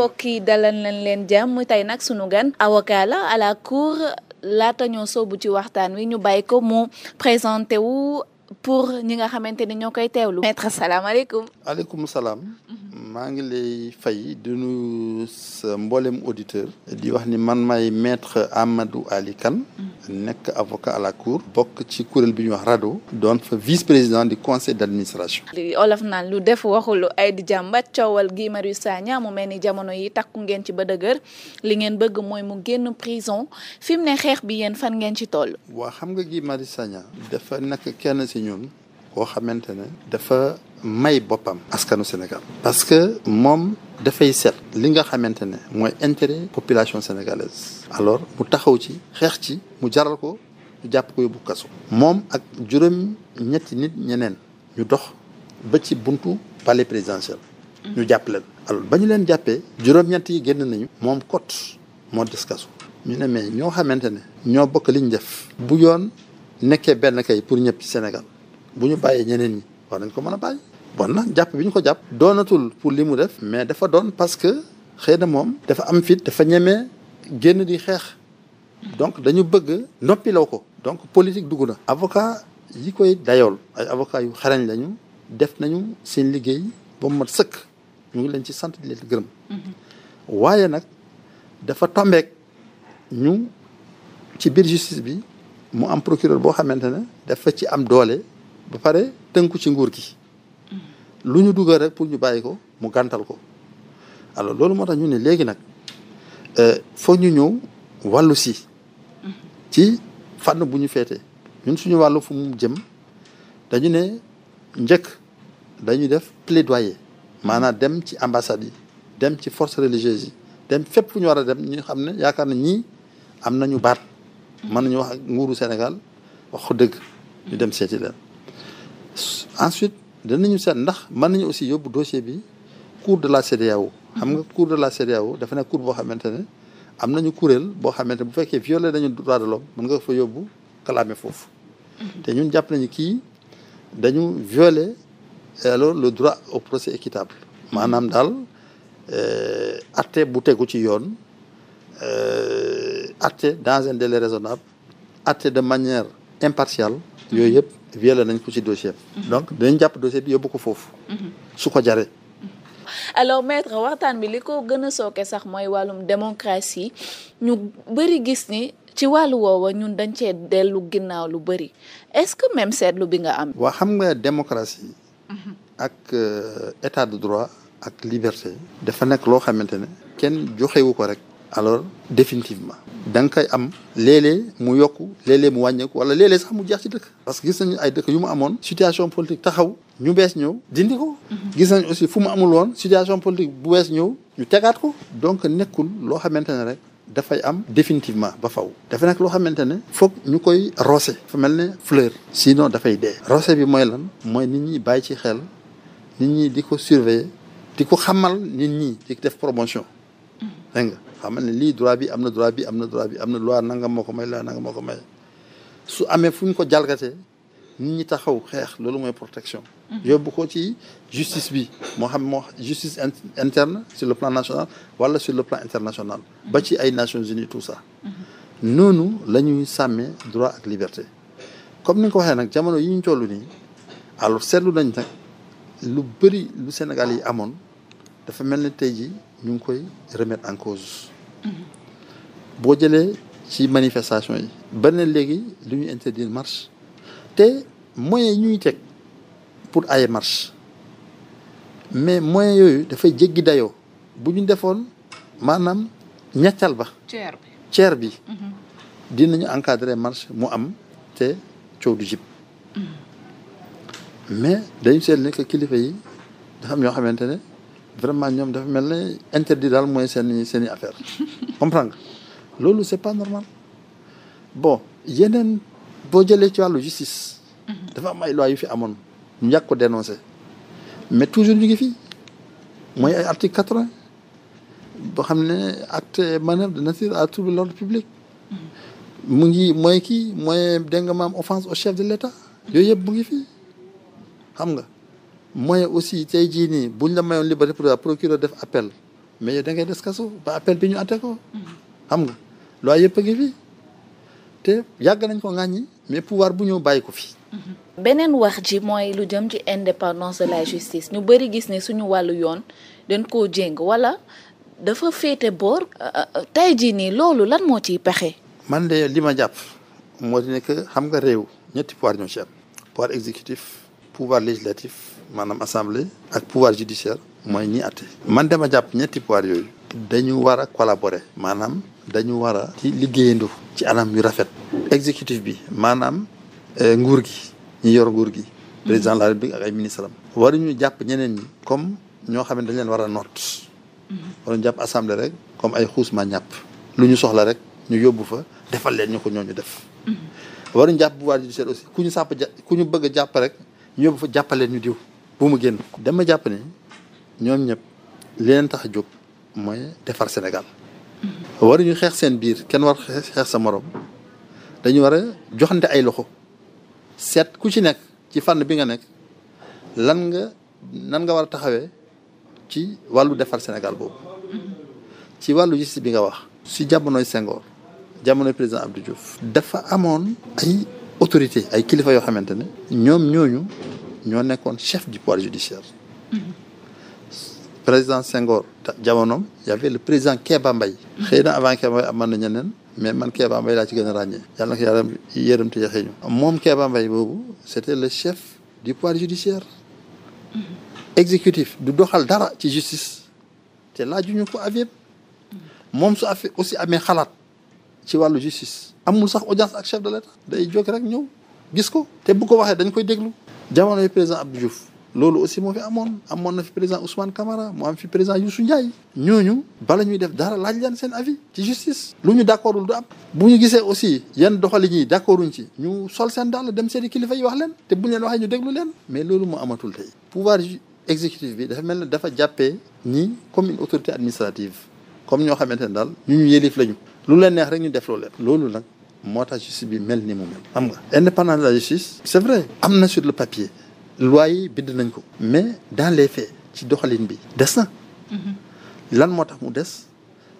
mbokk yi dalal nañ leen jàmm tey nag sunu gan avocat la cour laata ñoo soobu ci waxtaan wi ñu bàyyi ko mu présenté pour ñi nga xamante ni ñoo koy teewlu. maître salaamaaleykum. aleykum salaam. maa ngi lay fay du nu sa mboolem auditeur di wax ni man may maître Amadou Ali Kane. nekk avocat à la cour. bokk ci kuréel bi ñuy wax RADDHO. doon fa vice président du conseil d' administration. li olof naan lu def waxul ay di jàmbat coowal Guy Marius Sagna mu mel ni jamono yi takku ngeen ci ba dëgër li ngeen bëgg mooy mu génn prison fi mu ne xeex bi yéen fan ngeen ci toll. waa xam nga Guy Marius Sagna. ci ñun koo xamante ne dafa may boppam askanu Sénégal parce que moom dafay seet li nga xamante ne mooy intérêt population sénégalaise alors mu taxaw ci xeex ci mu jaral ko ñu jàpp ko yóbbu kaso moom ak juróom ñetti nit ñeneen ñu dox ba ci buntu palais présidentiel ñu jàpp leen alors ba ñu leen jàppee juróom-ñett yi génn nañu moom kot moo des kaso ñu ne mais ñoo xamante ne ñoo bokk liñ def bu yoon nekkee benn kay pour ñëpp ci bu ñu bàyyee ñeneen yi war nañ ko mën a bàyyi. bon nag jàpp bi ñu ko jàpp. doonatul pour li mu def. mais dafa doon parce que xëy na moom. dafa am fit dafa ñeme génn di xeex donc dañu bëgg. noppiloo ko. donc politique dugg na. avocat yi koy dayool ay avocat yu xarañ lañu def nañu seen liggéey ba mu mat sëkk ñu ngi leen ci sant di leen gërëm. Mm-hmm. waaye nag dafa tombeek ñu ci biir justice bi. mu am procureur boo xamante ne dafa ci am doole ba pare tënku ci nguur gi mm-hmm. lu ñu dugal rek pour ñu bàyyi ko mu gàntal ko alors loolu moo tax ñu ne léegi nag euh, foog ñu ñëw wàllu si mm-hmm. ci fànn bu ñu feete ñun suñu wàllu fu mu jëm dañu ne njëkk dañuy def plaidoyer maanaam dem ci ambassade yi dem ci force religieuse yi dem fépp fu ñu war a dem ñu xam ne yaakaar na ñii am nañu baat mën nañu wax ak nguuru Sénégal wax ko dëgg ñu dem seeti leen ensuite danañu seet ndax mën nañu aussi yóbbu dossier bi cour de la CEDEAO xam nga cour de la CEDEAO dafa nekk cour boo xamante ne am nañu kuréel boo xamante ne bu fekkee violé nañu droit de l'homme mën nga fa yóbbu clamé foofu mm-hmm. te ñun jàpp nañu kii dañu violé alors le droit au procès équitable maanaam daal euh, atte bu tegu ci yoon euh, arte dans un délai raisonnable acté de manière impartiale yooyu yëpp violé nañ ko ci dossier donc dañ jàpp dossier bi yóbbu ko foofu mm-hmm. su ko jaree mm-hmm. alors maître waxtaan bi li ko gën a sooke sax mooy wàllum démocratie ñu bari gis ni ci wàllu woowa ñun dañ cee dellu ginnaaw lu bëri est-ce que même seetlu bi nga am waa xam nga démocratie mm-hmm. ak euh, état de droit ak liberté dafa nekk loo xamante ne kenn joxewu ko rek alors définitivement da nga koy am léeg mu yokk léeg mu wàññeeku wala léeg sax mu jeex ci dëkk parce que gis nañu ay dëkk yu mu amoon situation politique taxaw ñu bees ñëw dindi ko mhm. gis nañ aussi fu mu amul woon situation politique bu bees ñëw ñu tegaat ko donc nekkul loo xamante ne rek dafay am définitivement ba faw dafa nekk loo xamante ne foog ñu koy roose fa mel ne fleur sinon dafay dee roose bi mooy lan mooy nit ñi bàyyi ci xel nit ñi di ko surveiller di ko xamal nit ñi di def promotion mhm. dégg nga xamal ne lii droit bi am na droit bi am na droit bi am na loi nanga moo ko may loi nangam moo ko may su amee fu ñu ko jalgatee nit ñi taxaw xeex loolu mooy protection. Mhm. yóbbu ko ci justice bi moo xam moo justice interne sur le plan national wala sur le plan international. Mhm. ba ci ay Nations Unies tout ça. Mhm. noonu la ñuy sàmmee droit ak liberté comme ni nga ko waxee nag jamono yi ñu toll nii alors seetlu nañ nag lu bëri lu Sénégal yi amoon. dafa mel ni tey jii ñu ngi koy remettre en cause. boo jëlee ci manifestation yi. ba ne léegi lu ñu interdire marche te moyens yi ñuy teg pour ay marche mais moyens yooyu dafay jéggi dayoo bu ñu defoon maanaam ñettal ba. ceer bi ceer bi. Mhm. dinañu encadrer mu am te coow du jib. Mhm. mais dañu seetlu ne kilifa yi dafa am ñoo xamante ne. vraiment ñoom dafa mel ne interdit mooy seen seen i affaire comprendre loolu c'est pas normal bon yeneen boo jëlee ci wàllu justice. Mhm. dafa am ay lois yu fi amoon ñu yàgg ko mais toujours ñu ngi fi mooy ay article quatre-vingt boo xam ne acte manœuvre de nature à troubler l'ordre public. Mhm. mu ngi mooy kii mooy dégg nga maam offense au chef de l'État yooyu yëpp mu ngi fi xam nga. mooy aussi tey jii nii buñ la mayoon liberté provisoire procureur def appel mais da ngay des kaso ba appel bi ñu atte ko. xam nga loi yëpp a ngi fi te yàgg nañ ko ŋàññi mais pouvoir bu ñëw bàyyi ko fi. beneen wax ji mooy lu jëm ci indépendance de la justice ñu bëri gis ne suñu wàllu yoon den koo jéng wala dafa féete boor. tey jii nii loolu lan moo ciy pexe. man de li ma jàpp moo di ne que xam nga réew ñetti pouvoir ñoo ci am pouvoir exécutif législatif. maanaam assemblée ak pouvoir judiciaire mooy ñi àtte man dama jàpp ñetti pouvoir yooyu dañu war a collaborer maanaam dañu war a ci liggéeyandu ci anam yu rafet exécutif bi maanaam eh, nguur gi ñi yor nguur gi mm-hmm. président de la république ak ay ministre am waruñu jàpp ñeneen ñi comme ñoo xam ne dañ leen war a noot mm-hmm. waruñu jàpp assemblée rek comme ay xuusma ñàpp lu ñu soxla rek ñu yóbbu fa defal leen ñu ko ñooñu def mm-hmm. waruñu jàpp pouvoir judiciaire aussi ku ñu sàpp ja ku ñu bëgg a rek ñu fa jàppaleen ñu diw bu mu génn. dama jàpp ni ñoom ñëpp li leen tax a jóg mooy defar Sénégal. waruñu xeex seen biir kenn war xeex sa morom dañu war a joxante ay loxo seet ku ci nekk ci fànn bi nga nekk lan nga nan nga war a taxawee ci wàllu defar Sénégal boobu ci wàllu justice bi nga wax. si jamonoy Senghor jamonoy président Abdou Diouf. dafa amoon ay autorité ay kilifa yoo xamante ne. ñoom ñooñu. ñoo nekkoon chef du pouvoir judiciaire président Senghor jamonoom y avait le président Kéba Mbaye xëy na avant Kéba Mbaye amoon na ñeneen mais man Kéba Mbaye laa ci gën a ràññee yàlla na ko yàlla yërëm te yaxee ñu moom Kéba Mbaye boobu c'était le chef du pouvoir judiciaire exécutif du doxal dara ci justice te laajuñu ko avis moom su affaire aussi amee xalaat ci wàllu justice amul sax audience ak chef de l'État day jóg rek ñëw gis ko te bu ko waxee dañ koy déglu jamono yi président Abdou loolu aussi moo fi amoon amoon na fi président Ousmane kamara moo am fi président Youssou Ndiaye ñooñu bala ñuy def dara laaj leen seen avis ci justice lu ñu d'accordul du am bu ñu gisee aussi yan doxali ñi d'accorduñ ci ñu sol seen dàll dem seeni kilifa yi wax leen te buñ leen waxee ñu déglu leen mais loolu moo amatul tey pouvoir exécutif bi dafa mel ne dafa jàppe ñi comme une autorité administrative comme ñoo xamante ne daal ñu ñu yëlif lañu lu leen neex rek ñu def loolu loolu nag moo tax justice bi mel ni mu mel xam nga indépendance de la justice c'est vrai am na sur le papier loi yi bind nañ ko mais dans les faits ci doxalin bi des na mm-hmm. lan moo tax mu des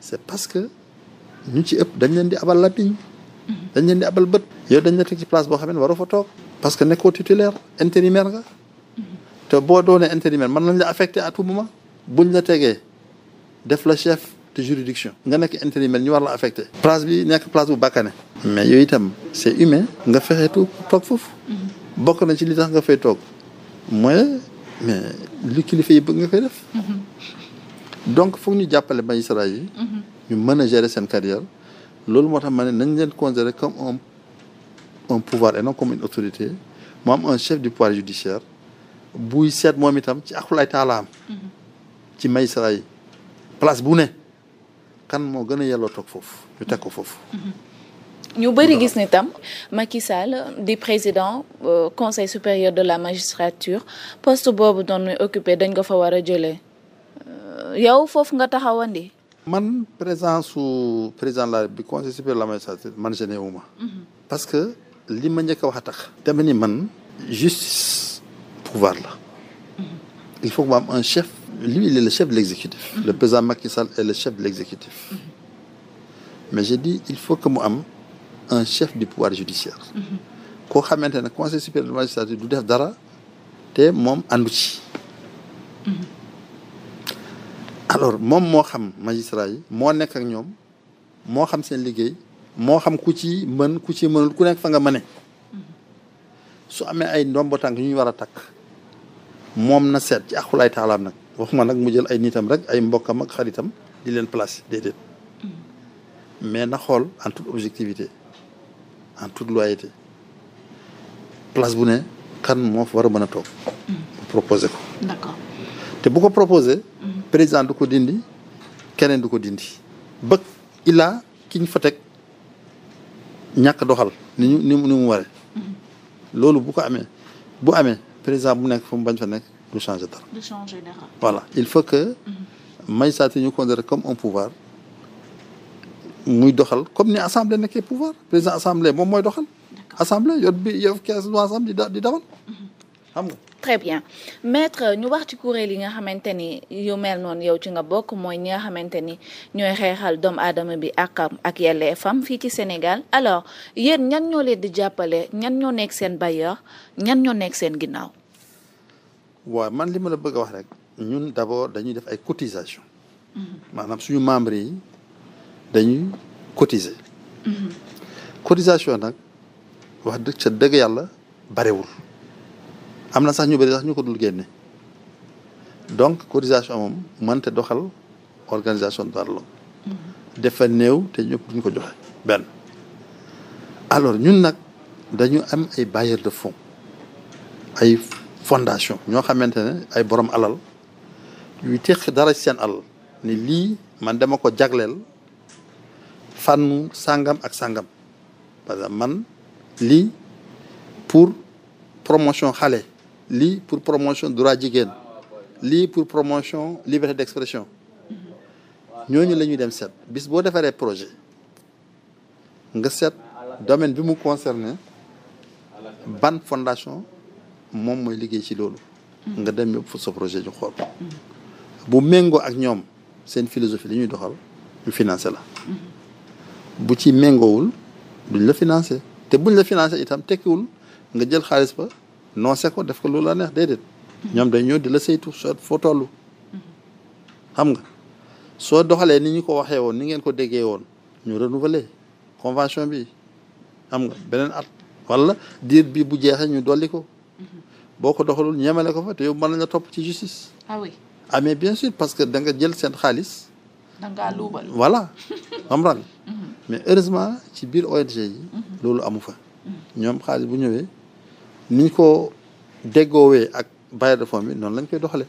c'est parce que ñu ci ëpp dañ leen di abal làmmiñ mm-hmm. dañ leen di abal bët yow dañ la teg ci place boo xam ne waroo fa toog parce que nekkoo titulaire intérimaire nga mm-hmm. te boo doonee intérimaire man nañ la affecté à tout moment buñ la tegee def la chef te juridiction nga nekk intérimaire ñu war la affecté place bi nekk place bu bakkane mais yooyu itam c'est humain nga fexe toog toog foofu mhm. bokk na ci li tax nga fay toog mooy mais li kilifa yi bëgg nga koy def mhm. donc foog ñu jàppale magistrat yi mhm. ñu mën a gérer seen carrière loolu moo tax ma ne nañ leen considérer comme un un pouvoir et non comme une autorité mu am un chef du pouvoir judiciaire buy seet moom itam ci akulaay taalaam ci magistrat yi place bu ne kan moo gën a yelloo toog foofu ñu teg ko foofu. ñu bëri gis ni tam Macky di président euh, conseil supérieur de la magistrature poste boobu doon muy occupé dañ ko fa war a jëlee euh, yow foofu nga taxawandi. man présence su président de la bi conseil supérieur de la magistrature man gêné ma. Mhm. parce que li ma njëkk a wax a tax. dama ni man justice pouvoir la. Mhm. il faut que mu am un chef. lui, il est le chef de l'exécutif. Mhm. Le président Macky Sall est le mhm. mu am un chef du pouvoir judiciaire. Mhm. koo xamante ne conseil supérieur de la magistrature du def dara te moom àndu ci. alors moom moo xam magistrat moo nekk ak ñoom moo xam seen liggéey moo xam ku ci mën ku ci mënul ku nekk fa nga mëne su amee ay ndombo tànk ñu war a takk moom na seet ci axulaay taalaam nag. waxuma nag mu jël ay nitam rek ay mbokkam ak xaritam di leen place déedéet mm. mais na xool en toute objectivité en toute loyauté place bu ne kan moo fa war mën a toog. Mm. proposer ko. te bu ko proposer. Mm. président du ko dindi keneen du ko dindi. bëgg ilaa ki ñu fa teg ñàkk doxal ni ñu ni mu waree. loolu bu ko amee bu amee président bu nekk fa bañ fa nekk. du changer dara. du changer il faut que. Mhm. magistrature yi ñu considéré comme un pouvoir muy doxal comme ni assemblée nekkee pouvoir président assemblée moom mooy doxal. assemblée yor bi yor kees bu assemblée di dawal. Mhm. très bien maître ñu wax ci kuréel yi nga xamante ni yu mel noonu yow ci nga bokk mooy ñi nga xamante ni ñooy xeexal doomu aadama bi ak ak yelleefam fii ci Sénégal alors yéen ñan ñoo leen di jàppale ñan ñoo nekk seen bailleur ñan ñoo nekk seen ginnaaw. waa man li ma la bëgg wax rek ñun d'abord dañuy def ay cotisation maanaam suñu membres yi dañuy cotiser cotisation nag wax dëgg sa dëgg yàlla barewul am na sax ñu bëri sax ñu ko dul génne donc cotisation moom mënte doxal organisation de Barlog dafa néew te ñëpp duñ ko joxe benn alors ñun nag dañu am ay bailleurs de fonds fondation ñoo xamante ne ay borom alal yuy teq dara seen alal ni lii man dama ko jagleel fan sàngam ak sàngam parce que man lii pour promotion xale lii pour promotion droit jigéen lii pour promotion liberté d'expression ñooñu la ñuy dem set bis boo defaree projet nga set domaine bi mu concerné ban fondation moom mooy liggéey ci loolu. nga dem yóbbu fa projet ñu xool. bu méngoo ak ñoom seen philosophie li ñuy doxal ñu financé la. bu ci méngoowul duñ la financé te buñ la financé itam tekkiwul nga jël xaalis ba noose ko def ko loolu la neex déedéet. ñoom dañ ñëw di la seytu soo foo toll. xam nga soo doxalee ni ñu ko waxee woon ni ngeen ko déggee woon ñu renouveler convention bi xam nga beneen at walla diir bi bu jeexee ñu dolli ko. boo ko doxalul ñemale ko fa te yow mën nañ topp ci justice. ah oui ah mais bien sûr parce que da nga jël seen xaalis. da ngaa luubal voilà xam mhm. mais heureusement ci biir ONG yi. Mhm. loolu amu fa. Mhm. ñoom xaalis bu ñëwee niñ ko déggoowee ak bailleur de fonds noonu lañ koy doxalee.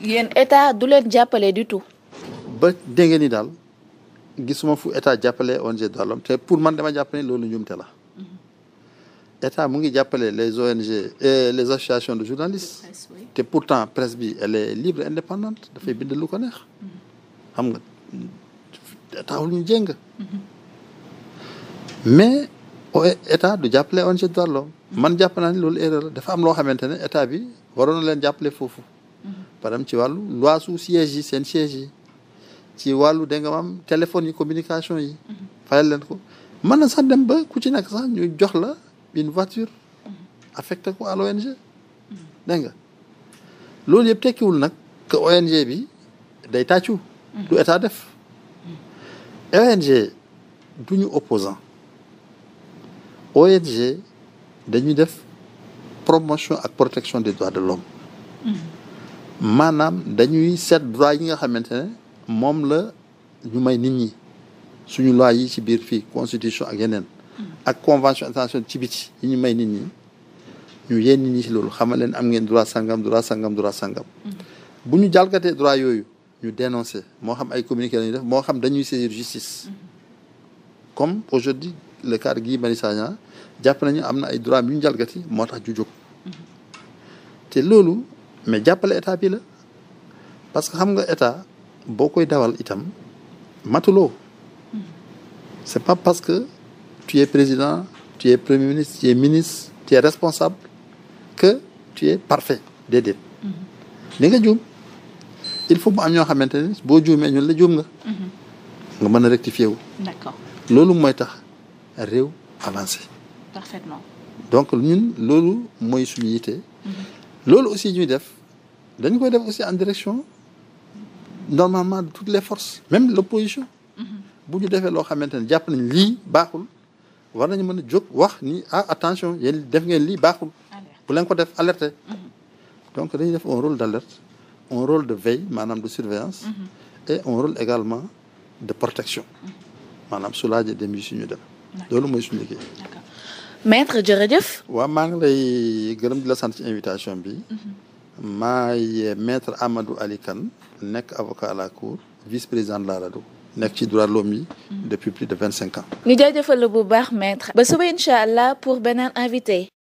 yéen état du leen jàppale du tout. ba dégg ni daal gisuma fu état jàppale ONG Droits de l'Homme te pour man dama jàpp ne loolu njuumte la. état mu ngi jàppale les ONG et les associations de journalistes te pourtant presse bi elle est libre indépendante dafay bind lu ko neex mm-hmm. xam nga taxul ñu jéng mm-hmm. mais état du jàppale ONG droits de mm-hmm. man jàpp naa ni loolu erreur dafa am loo xamante ne état bi waroon na leen jàppale foofu par ci wàllu loi su yi seen siège ci wàllu da nga téléphone yi communication yi fayal leen ko mën na sax dem ba ku ci sax ñu jox la une voiture affecté ko à l'ONG nga loolu yëpp tekkiwul nag que ONG bi day tàccu du état def ONG du ñu opposant ONG dañuy def promotion ak protection des droits de l'homme maanaam dañuy seet droit yi nga xamante ne moom la ñu may nit ñi suñu loi yi ci biir fii constitution ak yeneen ak convention internationale ci biti yi ñu may nit ñi ñu yéen nit ñi si loolu xamal leen am ngeen droit sangam droit sangam droit sangam. Mm-hmm. bu ñu jalgatee droit yooyu ñu dénoncer moo xam ay communiqué la ñuy def moo xam dañuy saisir justice. Mm-hmm. comme aujourd'hui le cas de Guy Marius jàpp nañu am na ay droit yu ñu jalgati moo tax ju jóg. Mm-hmm. te loolu mais jàppale état bi la parce que xam nga état boo koy dawal itam matuloo. c'est pas parce que. tu es président, tu es premier ministre, tu es ministre, tu es responsable, que tu es parfait déedéet. li mm-hmm. nga juum il faut mu am ñoo xamante ne boo juumee ñun la juum nga. Mm-hmm. nga mën a rectifier wu. loolu mooy tax réew avancé. donc ñun loolu mooy suñu yite. Mm-hmm. loolu aussi ñuy def dañ koy def aussi en direction normalement de toutes les forces même l'opposition. bu ñu defee loo xamante ne jàpp nañ lii baaxul. war nañu mën a jóg wax ni ah attention yéen def ngeen lii baaxul bu leen ko def alerte mm-hmm. donc dañuy def un rôle d'alerte un rôle de veille maanaam de surveillance mm-hmm. et un rôle également de protection mm-hmm. maanaam soulaaje dem yi suñu dem loolu mooy suñu liggéey maître jërëjëf waaw maa ngi lay gërëm di la sant ci invitation bi maay maître Amadou Ali Kane nekk avocat à la cour vice-président de nekk ci droit l'homme depuis plus de vingt cinq ans. ñu bu baax maître. ba suba incha pour beneen invité.